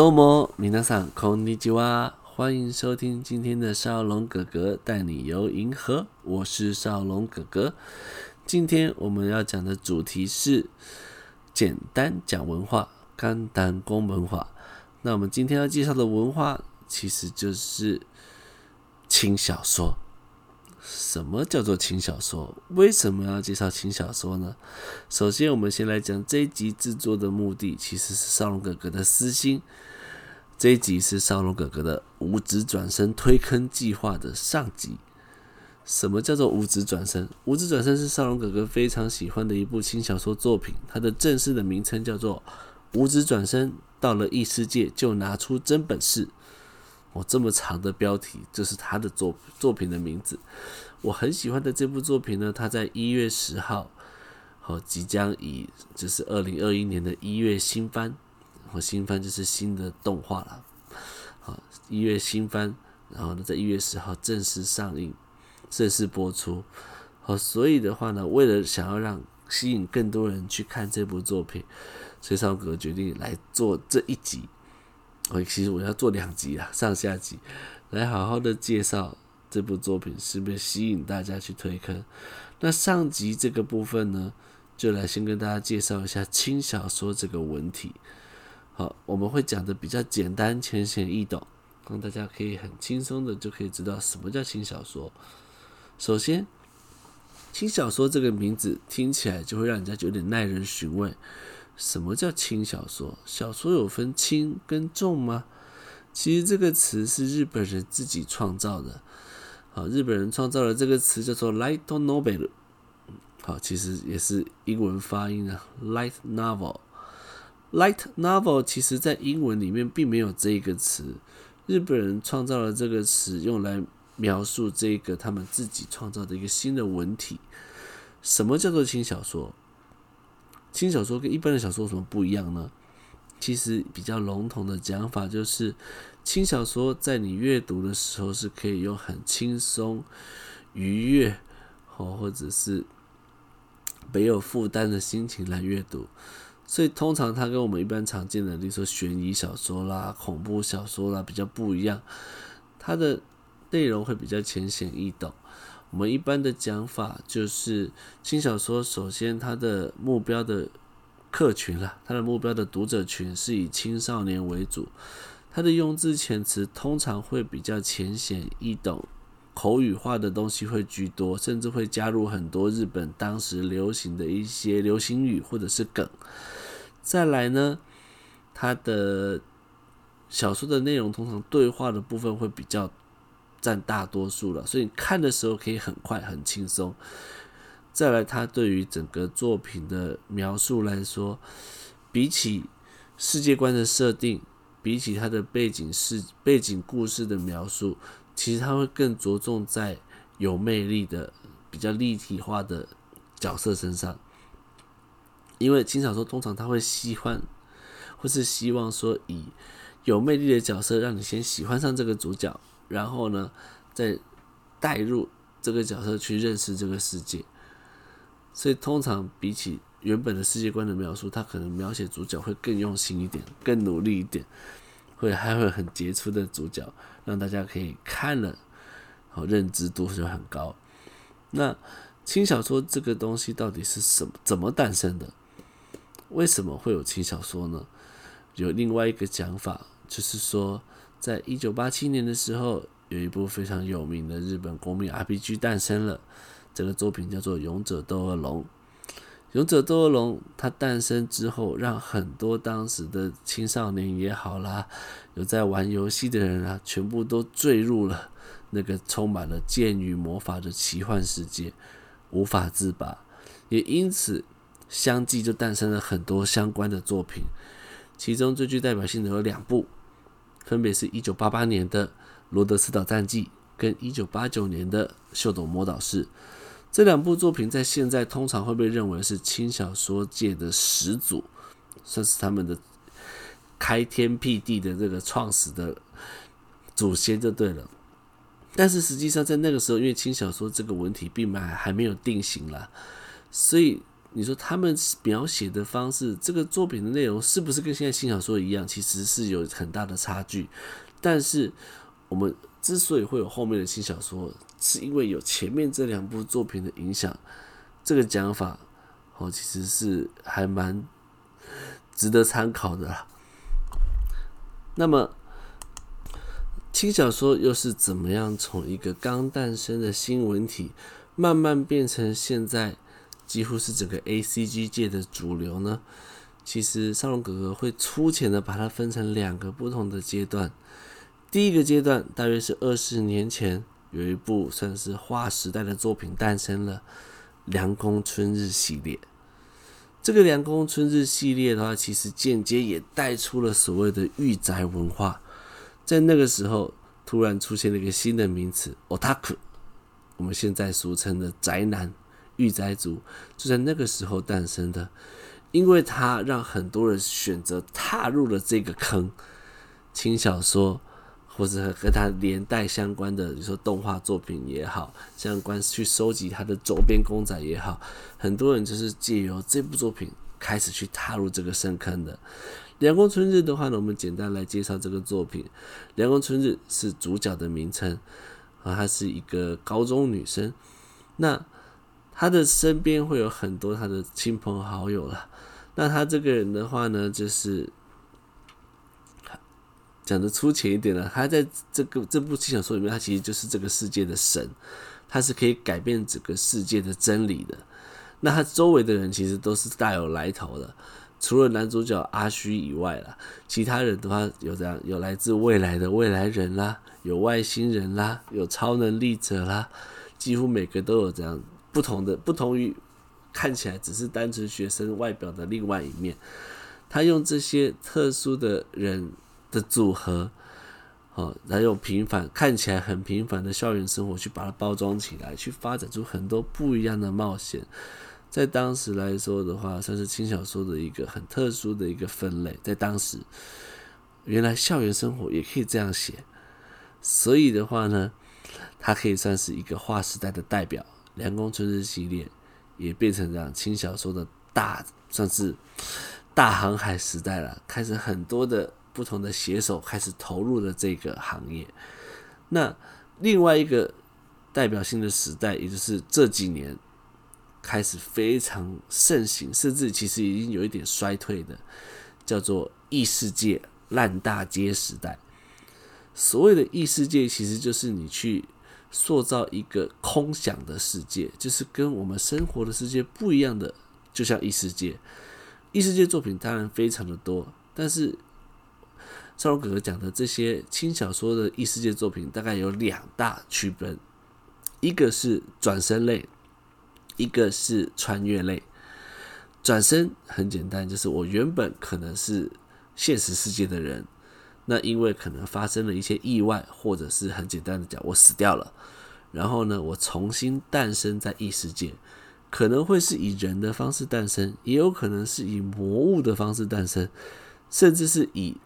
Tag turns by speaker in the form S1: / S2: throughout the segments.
S1: omo，みなさんこんにちは，歡迎收聽今天的少龍哥哥帶你遊銀河。我是少龍哥哥，今天我們要講的主題是簡單講文化——簡單講文化。那我們今天要介紹的文化其實就是輕小說。什麼叫做輕小說？為什麼要介紹輕小說呢？首先，我們先來講這集制作的目的，其實是少龍哥哥的私心。這一集是少龍哥哥的《無職轉生推坑計劃》的上集。什麼叫做無職轉生？無職轉生是少龍哥哥非常喜歡的一部輕小說作品，它的正式的名稱叫做《無職轉生到了異世界就拿出真本事》。我、哦、這麼長的標題，這、就是他的作作品的名字。我很喜歡的這部作品呢，它在一月十號，哦、即將以這、就是二零二一年的一月新番。和新番就是新的動畫了。好，一月新番，然後呢，在一月十號正式上映、正式播出。好，所以的話呢，為了想要讓吸引更多人去看這部作品，少龍葛格決定來做這一集。我其實我要做兩集啊，上下集，來好好的介紹這部作品是不是吸引大家去推坑。那上集這個部分呢，就來先跟大家介紹一下輕小說這個文體。好，我們會講的比較簡單、淺顯易懂，讓大家可以很輕鬆的就可以知道什麼叫輕小說。首先，輕小說這個名字聽起來就會讓人家有點耐人尋味。什麼叫輕小說？小說有分輕跟重嗎？其實這個詞是日本人自己創造的。好，日本人創造了這個詞叫做 Light Novel。好，其實也是英文發音的、啊、Light Novel。Light novel 其實，在英文裡面並沒有這一個詞，日本人創造了這個詞，用來描述這個他們自己創造的一個新的文體。什麼叫做輕小說？輕小說跟一般的小說有什麼不一樣呢？其實比較籠統的講法就是，輕小說在你閱讀的時候是可以用很輕鬆、愉悅，或者是沒有負擔的心情來閱讀。所以通常它跟我們一般常見的，例如說懸疑小說啦、恐怖小說啦，比較不一樣。它的內容會比較淺顯易懂。我們一般的講法就是，輕小說首先它的目標的客群啦，它的目標的讀者群是以青少年為主。它的用字遣詞通常會比較淺顯易懂，口語化的東西會居多，甚至會加入很多日本當時流行的一些流行語或者是梗。再來呢，他的小說的內容通常對話的部分會比較佔大多數了，所以你看的時候可以很快很輕鬆。再來，他對於整個作品的描述來說，比起世界觀的設定，比起他的背景是背景故事的描述，其實他會更着重在有魅力的、比較立體化的角色身上。因為輕小說通常他會喜歡，或是希望說以有魅力的角色讓你先喜歡上這個主角，然後呢，再帶入這個角色去認識這個世界。所以通常比起原本的世界觀的描述，他可能描寫主角會更用心一點，更努力一點，會還會很傑出的主角，讓大家可以看了，認知度就很高。那輕小說這個東西到底是什麼？怎麼誕生的？為什麼會有輕小說呢？有另外一個講法，就是說，在一九八七年的時候，有一部非常有名的日本國民 RPG 誕生了。這個作品叫做《勇者鬥惡龍》。《勇者鬥惡龍》它誕生之後，讓很多當時的青少年也好啦，有在玩遊戲的人啊，全部都墜入了那個充滿了劍與魔法的奇幻世界，無法自拔。也因此，相繼就誕生了很多相關的作品，其中最具代表性的有兩部，分別是一九八八年的《羅德斯島戰記》跟一九八九年的《秀逗魔導士》。這兩部作品在現在通常會被認為是輕小說界的始祖，算是他們的開天闢地的這個創始的祖先就對了。但是實際上，在那個時候，因為輕小說這個文體並沒還，還沒有定型啦，所以。你說他們描寫的方式，這個作品的內容是不是跟現在輕小說一樣？其實是有很大的差距。但是我們之所以會有後面的輕小說，是因為有前面這兩部作品的影響。這個講法哦，其實是還蠻值得參考的。那麼，輕小說又是怎麼樣從一個剛誕生的新文體，慢慢變成現在幾乎是整個 A C G 界的主流呢。其實，少龍葛格會粗淺的把它分成兩個不同的階段。第一個階段大約是二十年前，有一部算是劃時代的作品誕生了——《涼宮春日》系列。這個《涼宮春日》系列的話，其實間接也帶出了所謂的御宅文化。在那個時候，突然出現了一個新的名詞：otaku，我們現在俗稱的宅男。御宅族就在那個時候誕生的，因為它讓很多人選擇踏入了這個坑。輕小說或者和它連帶相關的，比如說動畫作品也好，相關去收集它的周邊公仔也好，很多人就是借由這部作品開始去踏入這個深坑的。涼宮春日的話呢，我們簡單來介紹這個作品。涼宮春日是主角的名稱，啊，她是一個高中女生。那他的身邊會有很多他的親朋好友了。那他這個人的話呢，就是講的粗淺一點了。他在這個這部輕小說裡面，他其實就是這個世界的神，他是可以改變整個世界的真理的。那他周圍的人其實都是大有來頭的，除了男主角阿虛以外了，其他人的話有這樣，有來自未來的未來人啦，有外星人啦，有超能力者啦，幾乎每個都有這樣。不同的不同於看起來只是單純學生外表的另外一面，他用這些特殊的人的組合，哦，然後平凡看起來很平凡的校園生活，去把它包裝起來，去發展出很多不一樣的冒險。在當時來說的話，算是輕小說的一個很特殊的一個分類。在當時，原來校園生活也可以這樣寫，所以的話呢，他可以算是一個劃時代的代表。《涼宮春日》系列也變成這樣，輕小說的大算是大航海時代了，開始很多的不同的寫手開始投入了這個行業。那另外一個代表性的時代，也就是這幾年開始非常盛行，甚至其實已經有一點衰退的，叫做異世界爛大街時代。所謂的異世界，其實就是你去。塑造一個空想的世界，就是跟我們生活的世界不一樣的，就像異世界。異世界作品當然非常的多，但是少龍葛格講的這些輕小說的異世界作品，大概有兩大區分：一個是轉生類，一個是穿越類。轉生很簡單，就是我原本可能是現實世界的人，那因為可能發生了一些意外，或者是很簡單的講，我死掉了。然後呢，我重新誕生在異世界，可能會是以人的方式誕生，也有可能是以魔物的方式誕生，甚至是以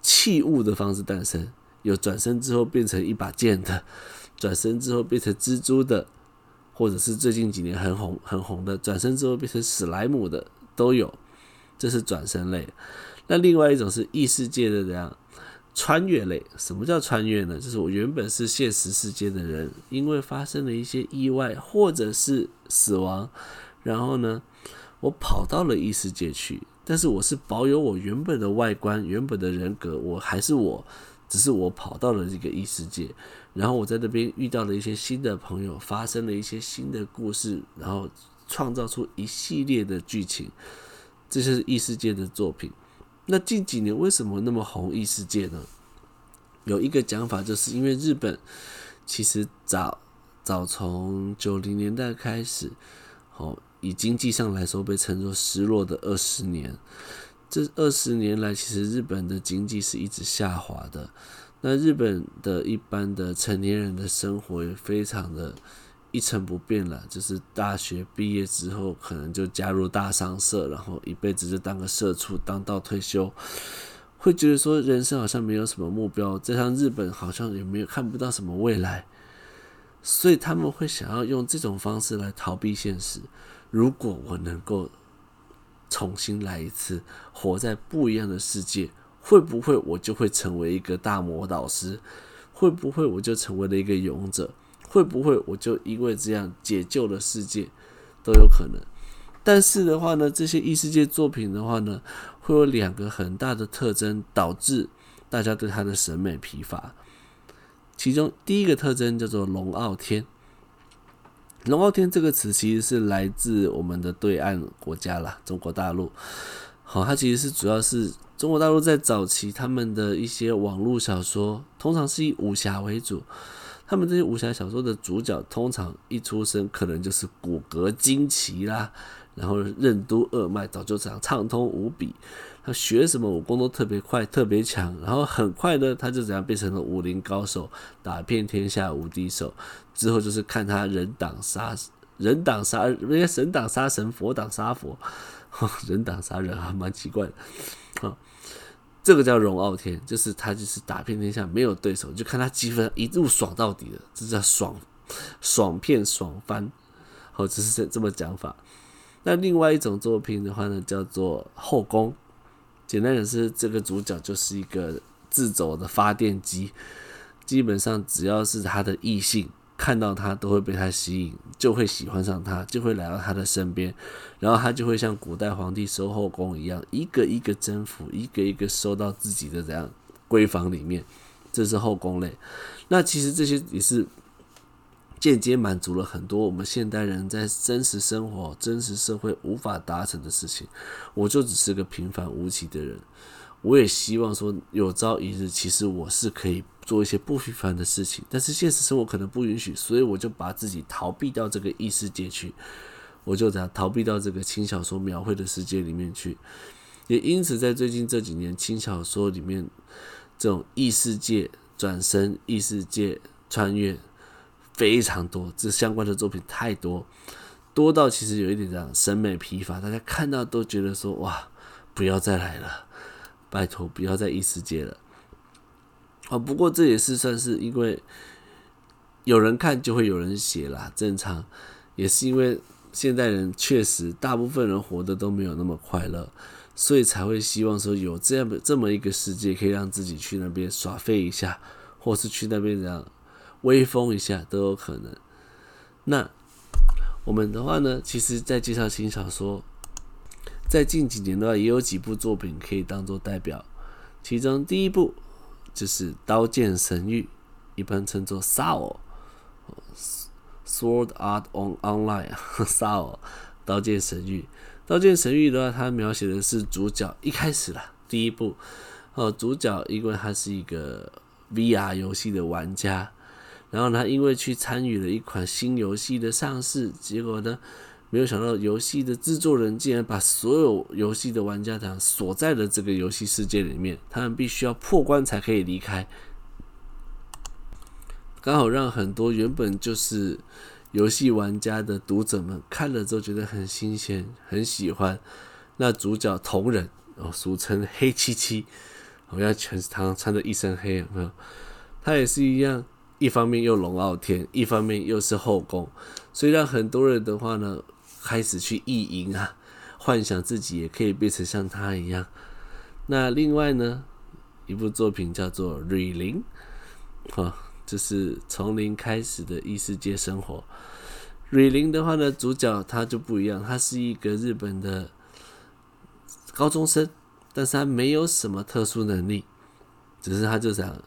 S1: 器物的方式誕生。有轉生之後變成一把劍的，轉生之後變成蜘蛛的，或者是最近幾年很紅很紅的，轉生之後變成史萊姆的都有。這是轉生類。那另外一種是異世界的這樣。穿越類，什麼叫穿越呢？就是我原本是現實世界的人，因為發生了一些意外或者是死亡，然後呢，我跑到了異世界去。但是我是保有我原本的外觀、原本的人格，我還是我，只是我跑到了這個異世界。然後我在那邊遇到了一些新的朋友，發生了一些新的故事，然後創造出一系列的劇情。這些是異世界的作品。那近幾年為什麼那麼紅異世界呢？有一個講法，就是因為日本其實早早從九零年代開始，哦，以經濟上來說被稱作失落的二十年。這二十年來，其實日本的經濟是一直下滑的。那日本的一般的成年人的生活也非常的。一成不變了，就是大學畢業之後，可能就加入大商社，然後一輩子就當個社畜，當到退休，會覺得說人生好像沒有什麼目標。再像日本，好像也沒有看不到什麼未來，所以他們會想要用這種方式來逃避現實。如果我能夠重新來一次，活在不一樣的世界，會不會我就會成為一個大魔導師？會不會我就成為了一個勇者？會不會我就因為這樣解救了世界，都有可能。但是的話呢，這些異世界作品的話呢，會有兩個很大的特徵，導致大家對它的審美疲乏。其中第一個特徵叫做“龍傲天”。“龍傲天”這個詞其實是來自我們的對岸國家啦，中國大陸。好，它其實是主要是中國大陸在早期他們的一些網絡小說，通常是以武俠為主。他們這些武俠小說的主角，通常一出生可能就是骨骼驚奇啦，然後任督二脈早就這樣暢通無比，他學什麼武功都特別快、特別強，然後很快呢，他就怎樣變成了武林高手，打遍天下無敵手。之後就是看他人擋殺人，擋殺人，人家神擋殺神，佛擋殺佛，呵呵，人擋殺人還蠻奇怪的，呵呵這個叫龍傲天，就是他就是打遍天下沒有對手，就看他積分一路爽到底了，這叫爽、爽片爽翻，好、哦、這、就是這這麼講法。那另外一種作品的話呢，叫做《後宮》，簡單講是這個主角就是一個自走的發電機，基本上只要是他的異性。看到他都會被他吸引，就會喜歡上他，就會來到他的身邊，然後他就會像古代皇帝收後宮一樣，一個一個征服，一個一個收到自己的這樣閨房裡面。這是後宮類。那其實這些也是間接滿足了很多我們現代人在真實生活、真實社會無法達成的事情。我就只是個平凡無奇的人，我也希望說有朝一日，其實我是可以。做一些不平凡的事情，但是現實生活可能不允許，所以我就把自己逃避到這個異世界去，我就想逃避到這個輕小說描繪的世界裡面去。也因此，在最近這幾年，輕小說裡面這種異世界轉生，異世界穿越非常多，這相關的作品太多，多到其實有一點這樣審美疲乏，大家看到都覺得說：“哇，不要再來了，拜託，不要再異世界了。”啊、哦，不過這也是算是因為有人看就會有人寫啦，正常也是因為現代人確實大部分人活得都沒有那麼快樂，所以才會希望說有這樣的這麼一個世界，可以讓自己去那邊耍廢一下，或是去那邊這樣威風一下都有可能。那我們的話呢，其實在介紹輕小說，在近幾年的話也有幾部作品可以當做代表，其中第一部。就是《刀劍神域》，一般稱作《SAO》，《Sword Art Online》《Saw》《刀劍神域》。《刀劍神域》的話，它描寫的是主角一開始啦，第一部。哦，主角因為他是一個 VR 遊戲的玩家，然後呢，他因為去參與了一款新遊戲的上市，結果呢？沒有想到遊戲的制作人竟然把所有遊戲的玩家，他們鎖在了這個遊戲世界裡面，他們必須要破關才可以離開。剛好讓很多原本就是遊戲玩家的讀者們看了都覺得很新鮮，很喜歡。那主角桐人哦，俗稱黑漆漆，我、哦、要全是穿的一身黑有沒有，他也是一樣，一方面又龍傲天，一方面又是後宮，所以讓很多人的話呢。開始去意淫啊，幻想自己也可以變成像他一樣。那另外呢，一部作品叫做《Re 零》，好、啊，這、就是從零開始的異世界生活。Re 零的話呢，主角他就不一樣，他是一個日本的高中生，但是他沒有什麼特殊能力，只是他就想，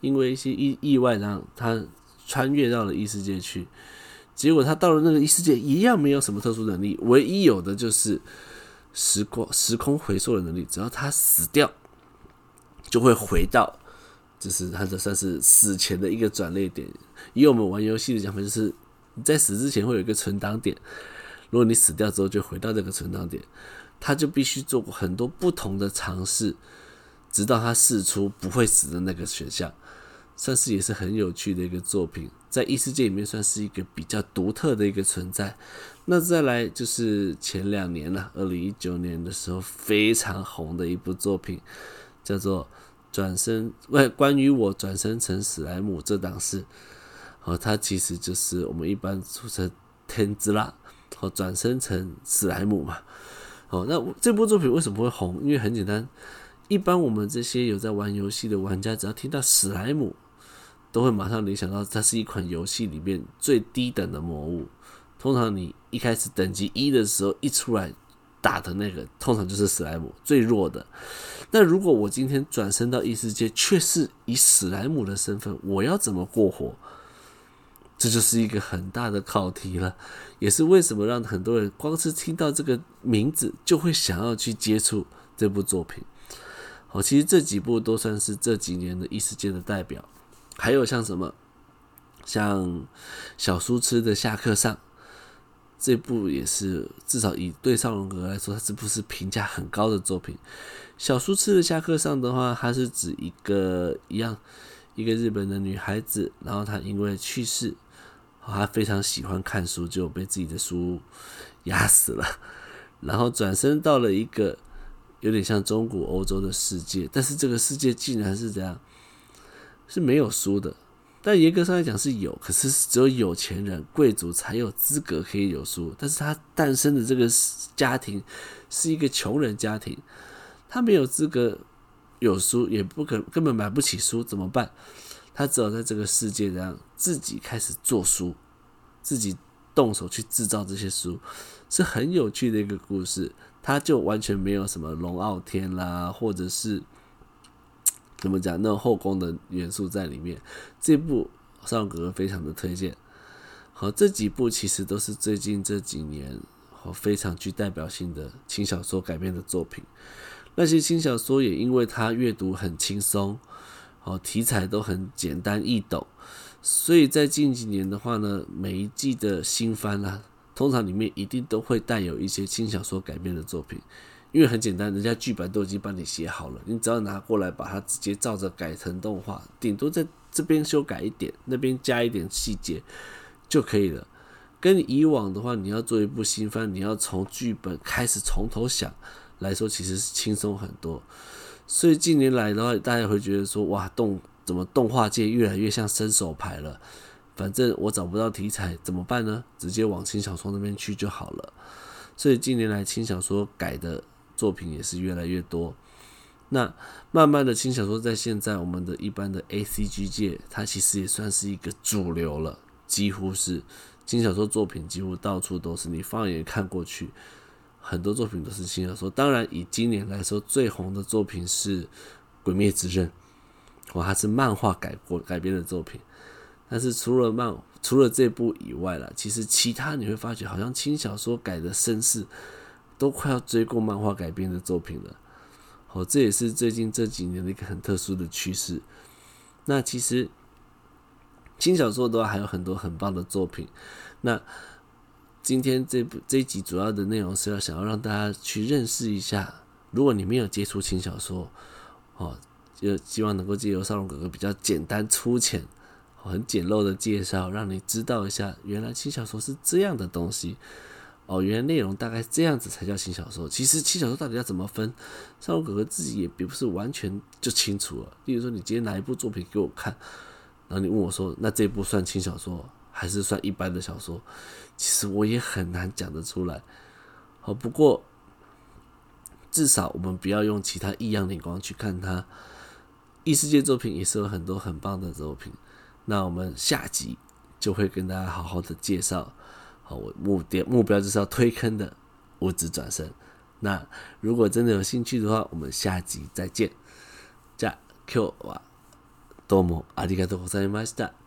S1: 因為一些意意外，讓他穿越到了異世界去。結果他到了那個異世界，一樣沒有什麼特殊能力，唯一有的就是時光、時空回溯的能力。只要他死掉，就會回到，就是他這算是死前的一個轉捩點。以我們玩遊戲的講法，就是你在死之前會有一個存檔點，如果你死掉之後就回到這個存檔點，他就必須做過很多不同的嘗試，直到他試出不會死的那個選項。算是也是很有趣的一個作品，在異、e、世界裡面算是一個比較獨特的一個存在。那再來就是前兩年了、啊，二零一九年的時候非常紅的一部作品，叫做《轉生外關於我轉生成史萊姆這檔事》。哦，它其實就是我們一般俗稱“天之辣”哦，轉生成史萊姆嘛。哦，那這部作品為什麼會紅？因為很簡單，一般我們這些有在玩遊戲的玩家，只要聽到史萊姆，都會馬上聯想到，它是一款遊戲裡面最低等的魔物。通常你一開始等級一的時候，一出來打的那個，通常就是史萊姆，最弱的。那如果我今天轉生到異世界，卻是以史萊姆的身份，我要怎麼過活？這就是一個很大的考題了，也是為什麼讓很多人光是聽到這個名字，就會想要去接觸這部作品。好，其實這幾部都算是這幾年的異世界的代表。還有像什麼，像小書痴的下剋上，這部也是至少以對少龍葛格來說，這部是評價很高的作品。小書痴的下剋上的話，它是指一個一樣，一個日本的女孩子，然後她因為去世，她非常喜歡看書，就被自己的書壓死了，然後轉生到了一個有點像中古歐洲的世界，但是這個世界竟然是怎樣？是沒有書的，但嚴格上來講是有，可是只有有錢人、貴族才有資格可以有書。但是他誕生的這個家庭是一個窮人家庭，他沒有資格有書，也不可根本買不起書，怎麼辦？他只好在這個世界上自己開始做書，自己動手去制造這些書，是很有趣的一個故事。他就完全沒有什麼龍傲天啦，或者是。怎麼講？那種後宮的元素在裡面，這部少龍葛格非常的推薦。好，這幾部其實都是最近這幾年好非常具代表性的輕小說改編的作品。那些輕小說也因為它閱讀很輕鬆，好題材都很簡單易懂，所以在近幾年的話呢，每一季的新番啦、啊，通常裡面一定都會帶有一些輕小說改編的作品。因為很簡單，人家劇本都已經幫你寫好了，你只要拿過來，把它直接照着改成動畫，頂多在這邊修改一點，那邊加一點細節就可以了。跟以往的話，你要做一部新番，你要從劇本開始從頭想來說，其實是輕鬆很多。所以近年來的話，大家會覺得說，哇，動，怎麼動畫界越來越像伸手牌了？反正我找不到題材怎麼辦呢？直接往輕小說那邊去就好了。所以近年來輕小說改的。作品，也是越來越多，那慢慢的輕小說在現在我們的一般的 ACG 界，它其實也算是一個主流了，幾乎是輕小說作品幾乎到處都是，你放眼看過去，很多作品都是輕小說。當然，以今年來說最紅的作品是《鬼滅之刃》，還是漫畫改過改編的作品。但是除了漫除了這部以外了，其實其他你會發覺好像輕小說改的聲勢。都快要追過漫畫改編的作品了，哦，這也是最近這幾年的一個很特殊的趨勢。那其實輕小說的話，還有很多很棒的作品。那今天這部這一集主要的內容是要想要讓大家去認識一下，如果你沒有接觸輕小說，哦，就希望能夠借由少龍哥哥比較簡單粗淺、很簡陋的介紹，讓你知道一下，原來輕小說是這樣的東西。哦，原來內容大概這樣子才叫輕小說。其實輕小說到底要怎麼分，少龍葛格自己也並不是完全就清楚了。例如說，你今天拿一部作品給我看，然後你問我說，那這部算輕小說還是算一般的小說？其實我也很難講得出來。好，不過至少我們不要用其他異樣的眼光去看它。異世界作品也是有很多很棒的作品。那我們下集就會跟大家好好的介紹。好，我目的目標就是要推坑的無職轉生。那如果真的有興趣的話，我們下集再見。じゃ，今日はどうもありがとうございました。